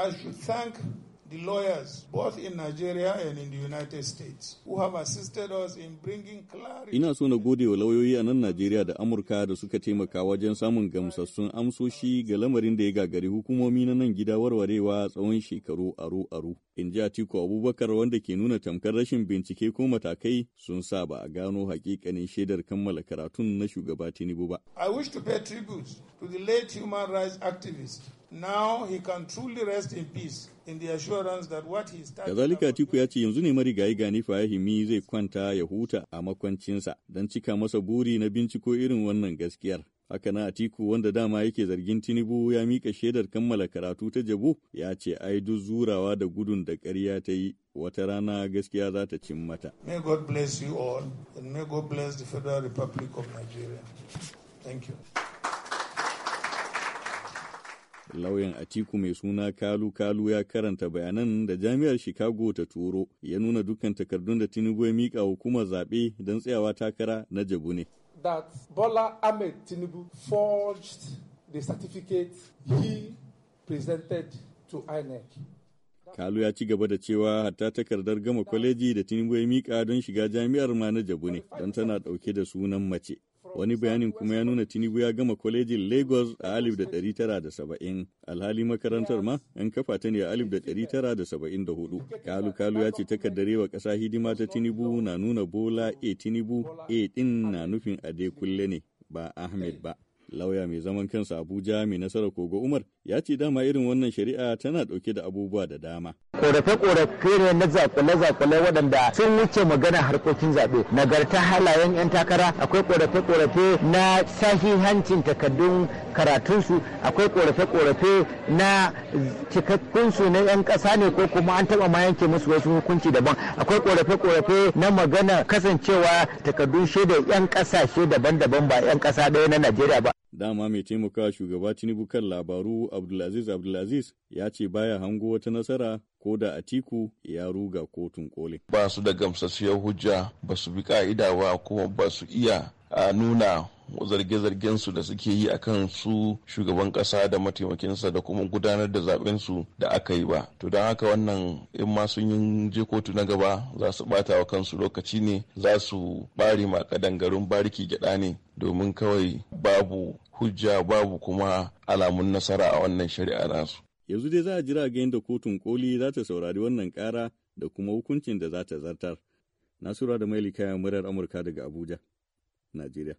I should thank the lawyers, both in Nigeria and in the United States, who have assisted us in bringing clarity. Ina so na gode wa lauyoyi a nan Najeriya da Amurka da suka taimaka wajen samun gamsassun amsoshi ga lamarin da ya gagari hukumomi na nan gida warwarewa tsawon shekaru aru aru In ji Atiku Abubakar wanda ke nuna tamkar rashin bincike ko matakai sun sa ba a gano hakikanin shaidar kammala karatun na shugaba Tinubu ba. I wish to pay tribute to the late human rights activist Kazalika Atiku ya ce yanzu ne marigayi gani fahimi zai kwanta ya huta a makwancinsa don cika masa buri na binciko irin wannan gaskiyar. Haka na Atiku wanda dama yake zargin Tinubu ya mika shaidar kammala karatu ta jabu ya ce ai duk zurawa da gudun da karya ta yi wata rana gaskiya za ta cin mata. Thank you. Lauyan Atiku mai suna Kalu Kalu ya karanta bayanan da Jami'ar Chicago ta turo ya nuna dukkan takardun da Tinubu ya mika hukumar zaɓe don tsayawa takara na jabu ne. That Bola Ahmed Tinubu forged the certificate he presented to INEC. Kalu ya ci gaba da cewa hatta takardar gama kwaleji da Tinubu ya mika don shiga jami'ar ma na jabu ne don tana dauke da sunan mace. Wani bayanin kuma ya nuna Tinubu ya gama kwalejin Lagos a 1970 alhali makarantar ma an kafa ta ne a 1974. Kalu Kalu ya ce takardarewa ƙasa hidima ta Tinubu na nuna Bola A Tinubu A din na nufin Ade kulle ne ba Ahmed ba. lauya mai zaman kansa abuja mai nasarar kogo umar ya ce dama irin wannan shari'a tana dauke da abubuwa da dama korafe-korafe ne na zakule-zakule waɗanda sun wuce magana harkokin zaɓe nagarta halayen 'yan takara akwai korafe-korafe na hancin takardun karatunsu akwai korafe-korafe na cikakkunsu na 'yan ƙasa ne ko kuma an taɓa ma yanke musu wasu hukunci daban akwai korafe-korafe na magana kasancewa takardun shaidar 'yan ƙasashe daban-daban ba 'yan ƙasa ɗaya na najeriya ba Dama mai taimaka shugaba Tinubu kan labaru Abdulaziz Abdulaziz ya ce baya hango wata nasara ko da Atiku ya ruga kotun koli. Ba su da gamsasshiyar hujja ba su bi ka'ida ba kuma ba su iya a nuna zarge-zargen su da suke yi akan su shugaban kasa da mataimakinsa da kuma gudanar da zaben su da aka yi ba to don haka wannan in ma sun yi je kotu na gaba za su bata wa kansu lokaci ne za su bare ma kadangarun bariki gyada ne domin kawai babu hujja babu kuma alamun nasara a wannan shari'a nasu yanzu dai za a jira ga yadda kotun koli za ta saurari wannan kara da kuma hukuncin da za ta zartar nasura da mailika murar amurka daga abuja najeriya